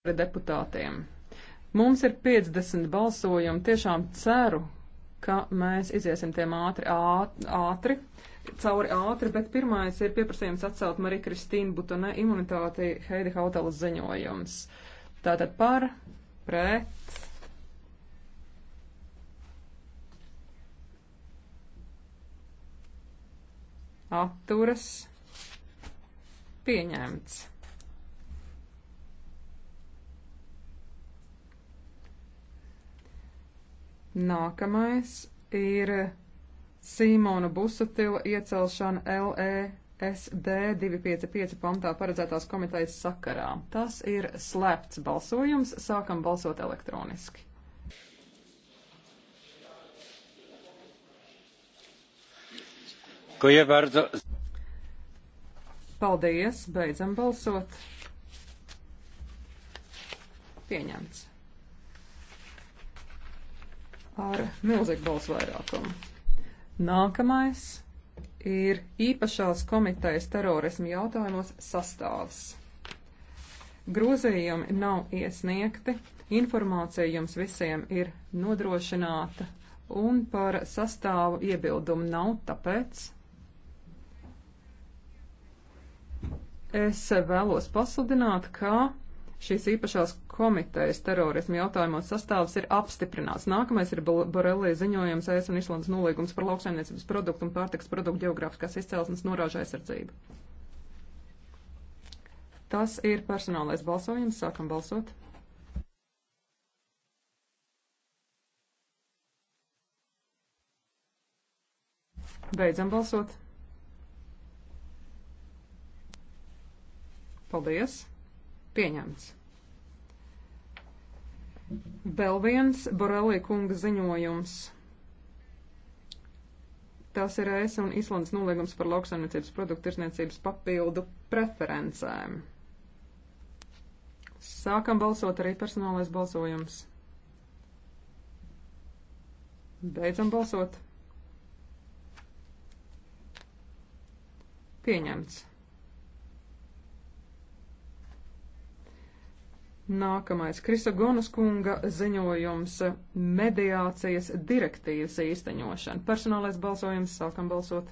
par deputātiem. Mums ir 50 balsojumi. Tiešām ceru, ka mēs iziesim tiem ātri, ātri cauri ātri, bet pirmais ir pieprasījums atcelt Mariju Kristīnu Butonē imunitāti Heidi Hautalas ziņojums. Tātad par, pret. Atturas pieņemts. Nākamais ir Simona Busatila iecelšana LESD 255 pantā paredzētās komitejas sakarā. Tas ir slēpts balsojums. Sākam balsot elektroniski. Paldies, beidzam balsot. Pieņemts ar milzīgu balsu vairākumu. Nākamais ir īpašās komitejas terorismu jautājumos sastāvs. Grozījumi nav iesniegti, informācija jums visiem ir nodrošināta, un par sastāvu iebildumu nav tāpēc. Es vēlos pasludināt, ka šīs īpašās komitejas terorismu jautājumos sastāvs ir apstiprināts. Nākamais ir Borelī ziņojums ES un Islandas nolīgums par lauksaimniecības produktu un pārtiks produktu geogrāfiskās izcelsmes norāžu aizsardzību. Tas ir personālais balsojums. Sākam balsot. Beidzam balsot. Paldies! Pieņemts. Vēl viens Borelī kunga ziņojums. Tas ir ES un Islandes noliegums par lauksaimniecības produktu tirsniecības papildu preferencēm. Sākam balsot arī personālais balsojums. Beidzam balsot. Pieņemts. Nākamais Krisogonas kunga ziņojums - mediācijas direktīvas īsteņošana. Personālais balsojums - sākam balsot.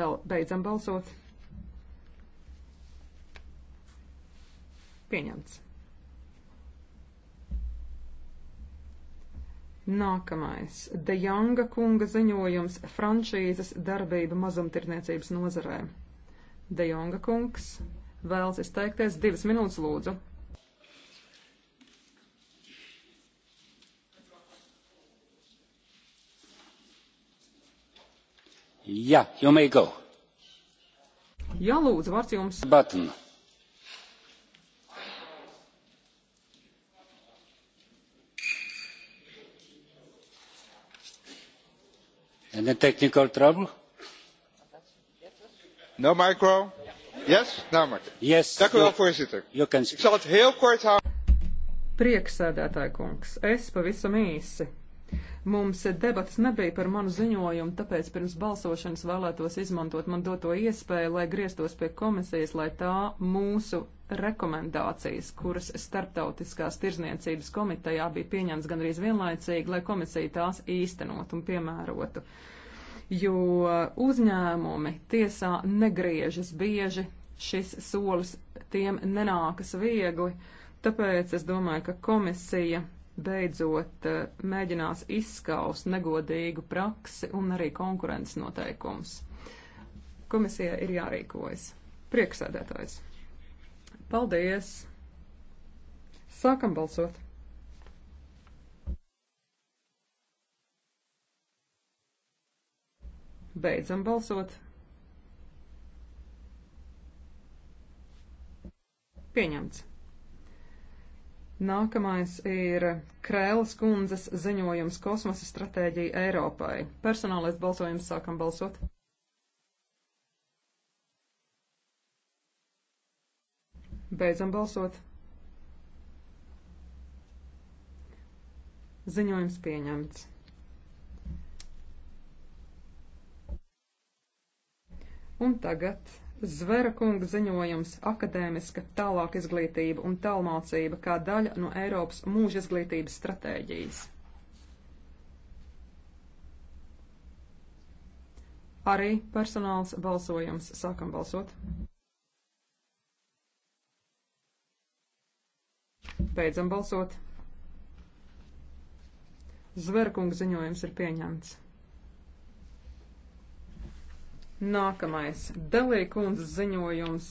Bel, beidzam balsot. Pieņemts. Nākamais - De Janga kunga ziņojums - franšīzes darbība mazumtirniecības nozarē. De Jonga kungs vēlas izteikties. Divas minūtes lūdzu. Jā, yeah, you may go. Jā, lūdzu, vārds jums. Button. Any technical trouble? No micro. Yes? Namelijk. Yes. Dank u wel, voorzitter. Ik zal het heel kort houden. Prieksēdētāji kungs, es pavisam īsi. Mums debats nebija par manu ziņojumu, tāpēc pirms balsošanas vēlētos izmantot man doto iespēju, lai grieztos pie komisijas, lai tā mūsu rekomendācijas, kuras starptautiskās tirzniecības komitejā bija pieņemts gandrīz vienlaicīgi, lai komisija tās īstenot un piemērotu. Uh, jo uzņēmumi tiesā negriežas bieži, šis solis tiem nenākas viegli, tāpēc es domāju, ka komisija beidzot eh, mēģinās izskaust negodīgu praksi un arī konkurences noteikumus. Komisijai ir jārīkojas. Prieksēdētājs. Paldies! Sākam balsot! Beidzam balsot. Pieņemts. Nākamais ir Krēlas kundzes ziņojums kosmosa stratēģija Eiropai. Personālais balsojums sākam balsot. Beidzam balsot. Ziņojums pieņemts. Un tagad Zvera kunga ziņojums - akadēmiska tālāk izglītība un tālmācība kā daļa no Eiropas mūža izglītības stratēģijas. Arī personāls balsojums. Sākam balsot. Beidzam balsot. Zverkunga ziņojums ir pieņemts. Nākamais - Delija kundzes ziņojums.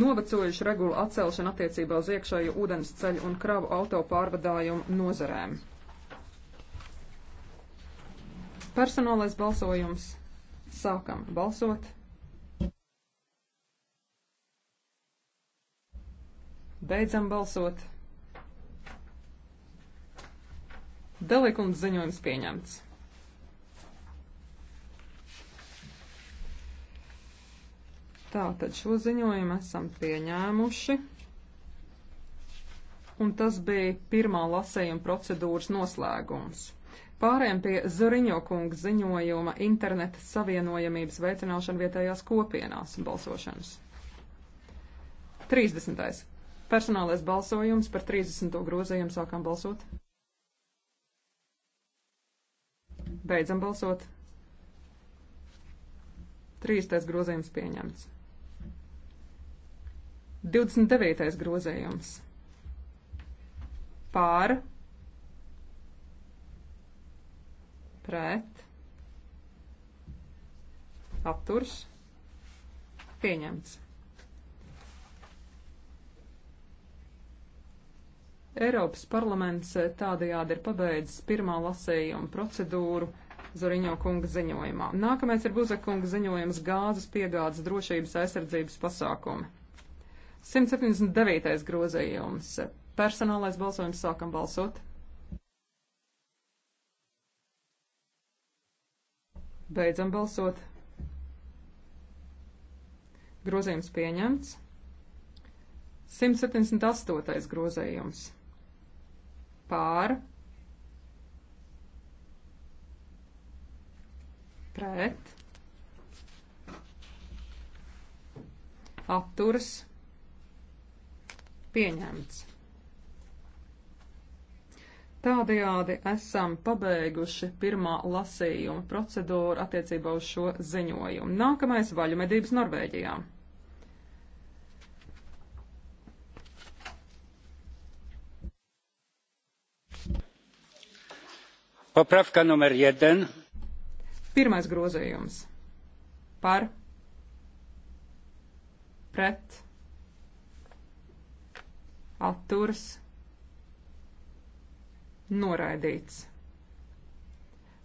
Novecojuši regulu atcelšana attiecībā uz iekšējo ūdens ceļu un kravu auto pārvadājumu nozarēm. Personālais balsojums. Sākam balsot. Beidzam balsot. Delikums ziņojums pieņemts. Tātad šo ziņojumu esam pieņēmuši. Un tas bija pirmā lasējuma procedūras noslēgums. Pārējām pie Zariņo kunga ziņojuma interneta savienojamības veicināšana vietējās kopienās un balsošanas. 30. Personālais balsojums par 30. grozījumu sākām balsot. Beidzam balsot. 30. grozījums pieņemts. 29. grozējums pār, pret, apturs, pieņemts. Eiropas parlaments tādajādi ir pabeidzis pirmā lasējuma procedūru Zoriņo kunga ziņojumā. Nākamais ir Buzekunga ziņojums gāzes piegādes drošības aizsardzības pasākumi. 179. grozījums. Personālais balsojums sākam balsot. Beidzam balsot. Grozījums pieņemts. 178. grozījums. Pār. Pret. Atturas Pieņemts. Tādējādi esam pabeiguši pirmā lasījuma procedūru attiecībā uz šo ziņojumu. Nākamais vaļu medības Norvēģijā. Poprawka numer jeden. Pirmais grozījums. Par. Pret atturas noraidīts.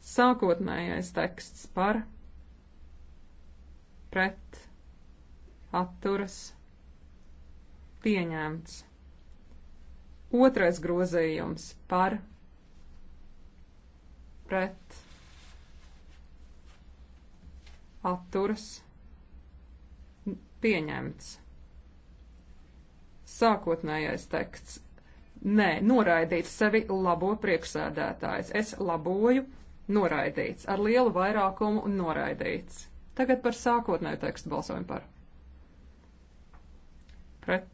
Sākotnējais teksts par pret atturas pieņemts. Otrais grozījums par pret atturas pieņemts sākotnējais teksts. Nē, noraidīt sevi labo priekšsēdētājs. Es laboju, noraidīts, ar lielu vairākumu noraidīts. Tagad par sākotnēju tekstu balsojam par. Pret.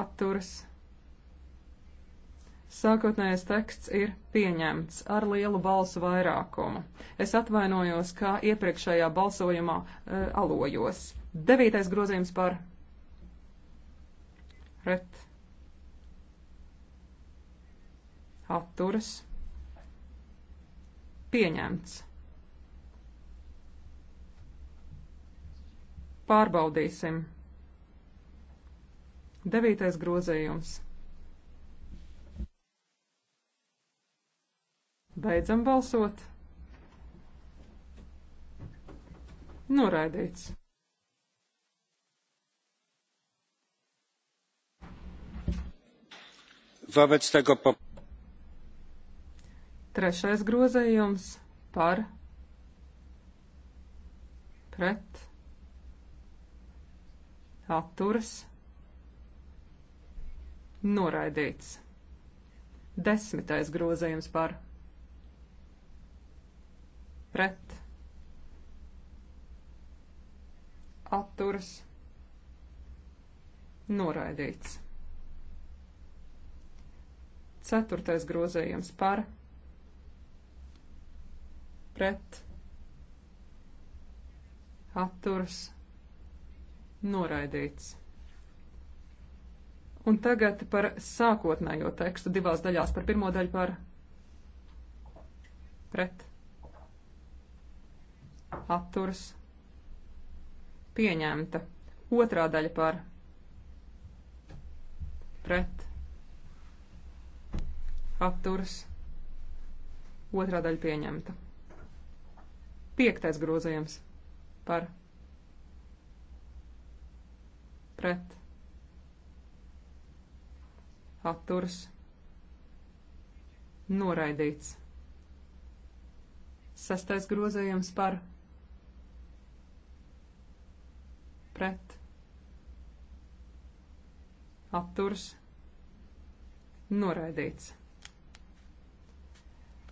Atturas. Sākotnējais teksts ir pieņemts ar lielu balsu vairākumu. Es atvainojos, kā iepriekšējā balsojumā e, alojos. Devītais grozījums par pret atturas pieņemts. Pārbaudīsim. Devītais grozējums. Beidzam balsot. Noraidīts. Wobec tego po... Trešais grozējums par pret atturas noraidīts. Desmitais grozējums par pret atturas noraidīts. Ceturtais grozējums par pret atturs noraidīts. Un tagad par sākotnējo tekstu divās daļās. Par pirmo daļu par pret atturs pieņemta. Otrā daļa par pret atturas otrā daļa pieņemta. Piektais grozījums par pret atturas noraidīts. Sastais grozījums par pret atturas noraidīts.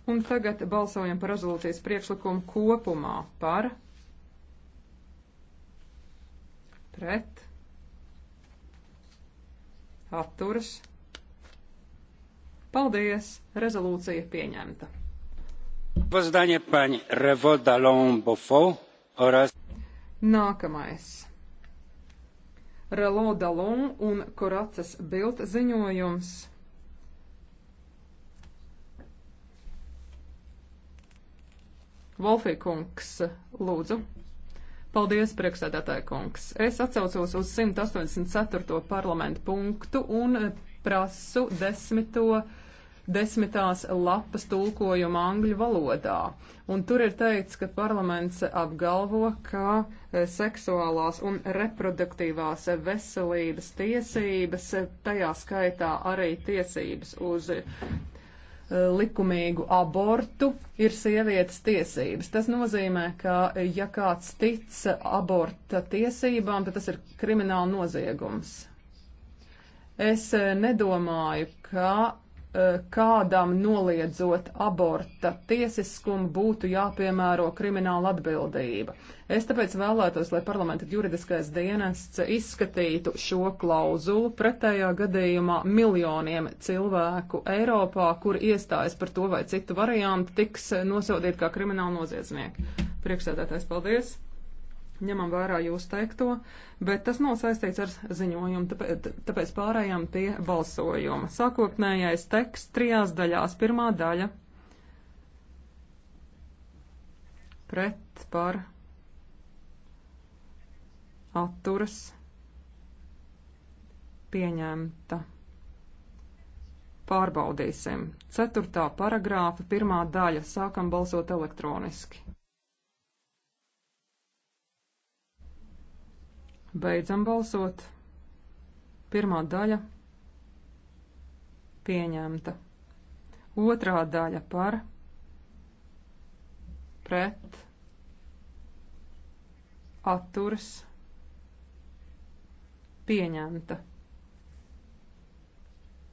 Un tagad balsojam par rezolūcijas priekšlikumu kopumā par pret atturas. Paldies! Rezolūcija pieņemta. Pozdanie paņi Revoda Lombofo oraz. Nākamais. Reloda Lom un Koracas Bilt ziņojums. Volfīkungs, lūdzu. Paldies, priekšsēdētāja kungs. Es atcaucos uz 184. parlamentu punktu un prasu desmito, desmitās lapas tulkojumu angļu valodā. Un tur ir teikts, ka parlaments apgalvo, ka e, seksuālās un reproduktīvās veselības tiesības, tajā skaitā arī tiesības uz likumīgu abortu, ir sievietes tiesības. Tas nozīmē, ka ja kāds tic aborta tiesībām, tad tas ir krimināla noziegums. Es nedomāju, ka Eh, kādam noliedzot aborta tiesiskumu būtu jāpiemēro krimināla atbildība. Es tāpēc vēlētos, lai parlamenta juridiskais dienests izskatītu šo klauzulu pretējā gadījumā miljoniem cilvēku Eiropā, kur iestājas par to vai citu variantu, tiks nosodīti kā krimināla noziedznieki. Priekšsēdētājs, paldies! ņemam vērā jūs teikto, bet tas nav saistīts ar ziņojumu, tāpēc, tāpēc pārējām pie balsojuma. Sākotnējais teksts trijās daļās. Pirmā daļa pret par atturas pieņemta. Pārbaudīsim. Ceturtā paragrāfa, pirmā daļa. Sākam balsot elektroniski. Beidzam balsot. Pirmā daļa pieņemta. Otrā daļa par pret atturs pieņemta.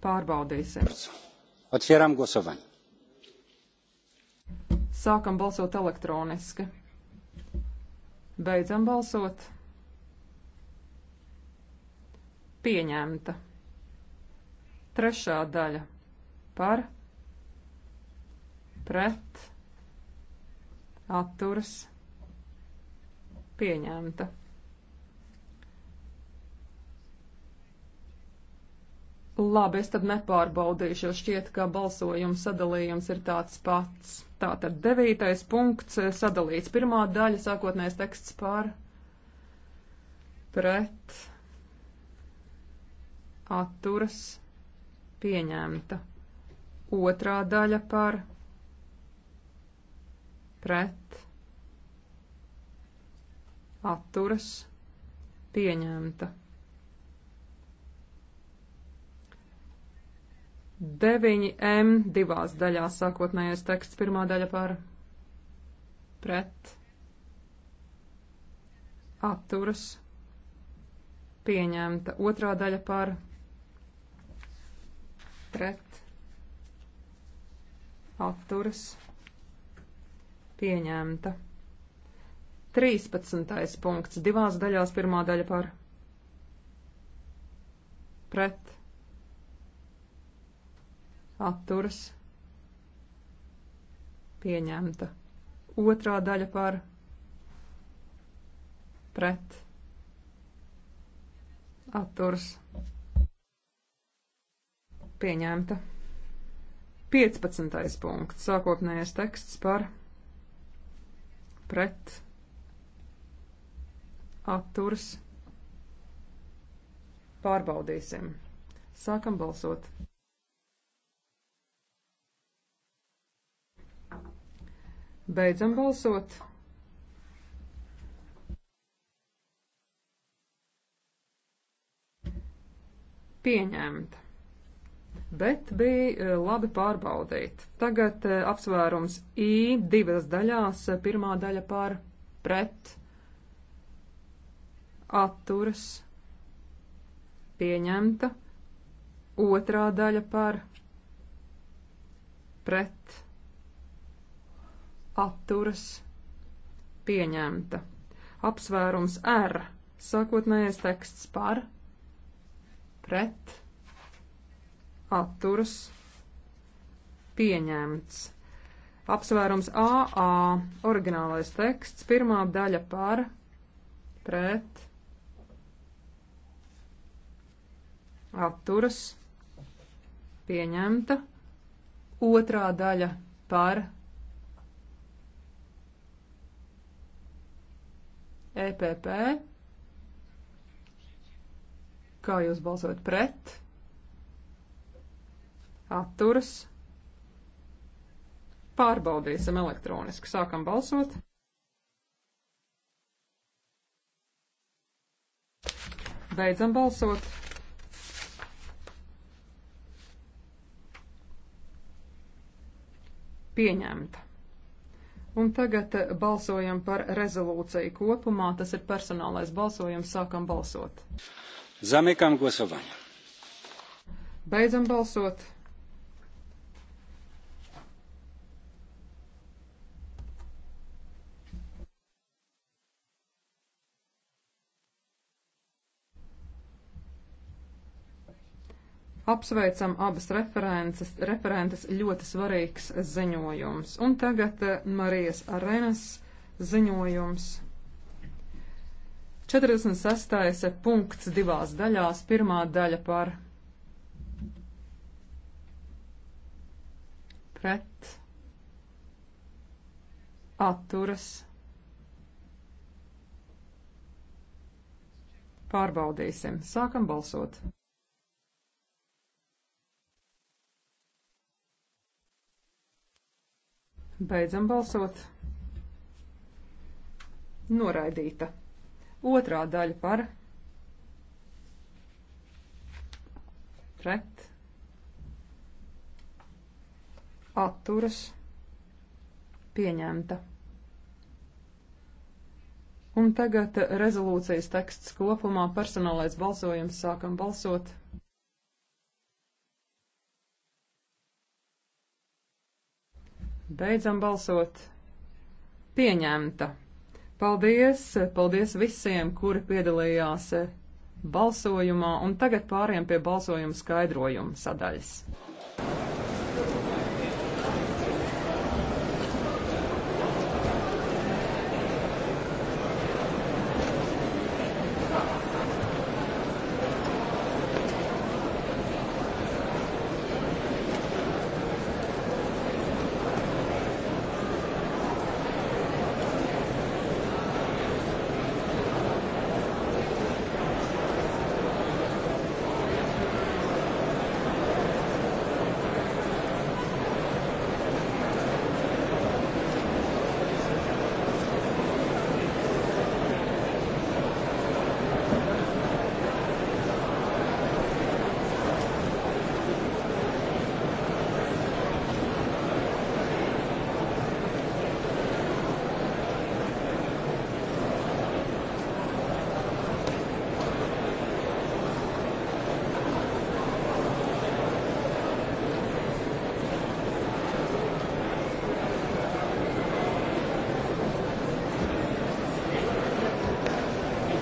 Pārbaudīsim. Otvieram głosowanie. Sākam balsot elektroniski. Beidzam balsot pieņemta. Trešā daļa par, pret, atturas, pieņemta. Labi, es tad nepārbaudīšu, jo šķiet, ka balsojuma sadalījums ir tāds pats. Tātad devītais punkts eh, sadalīts. Pirmā daļa sākotnējais teksts par pret atturas pieņemta. Otrā daļa par pret atturas pieņemta. Deviņi M divās daļās sākotnējais teksts, pirmā daļa par pret atturas pieņemta, otrā daļa par pret pret atturas pieņemta. 13. punkts divās daļās pirmā daļa par pret atturas pieņemta. Otrā daļa par pret atturas pieņemta Pieņemta. 15. punkts. Sākotnējais teksts par pret atturs. Pārbaudīsim. Sākam balsot. Beidzam balsot. Pieņemta bet bija e, labi pārbaudīt. Tagad e, apsvērums I divas daļās. Pirmā daļa par pret atturas pieņemta, otrā daļa par pret atturas pieņemta. Apsvērums R sākotnējais teksts par pret atturas atturas pieņemts. Apsvērums AA, originālais teksts, pirmā daļa par, pret, atturas, pieņemta, otrā daļa par, EPP, kā jūs balsot pret, atturas. Pārbaudīsim elektroniski. Sākam balsot. Beidzam balsot. Pieņemta. Un tagad eh, balsojam par rezolūciju kopumā. Tas ir personālais balsojums. Sākam balsot. Zamekam głosowanie. Beidzam balsot. Apsveicam abas references, referentes ļoti svarīgs ziņojums. Un tagad eh, Marijas Arenas ziņojums. 46. punkts divās daļās. Pirmā daļa par pret, atturas, pārbaudīsim. Sākam balsot. Beidzam balsot. Noraidīta. Otrā daļa par pret atturas pieņemta. Un tagad rezolūcijas teksts kopumā personālais balsojums sākam balsot. Beidzam balsot. Pieņemta. Paldies, paldies visiem, kuri piedalījās balsojumā, un tagad pāriem pie balsojuma skaidrojuma sadaļas.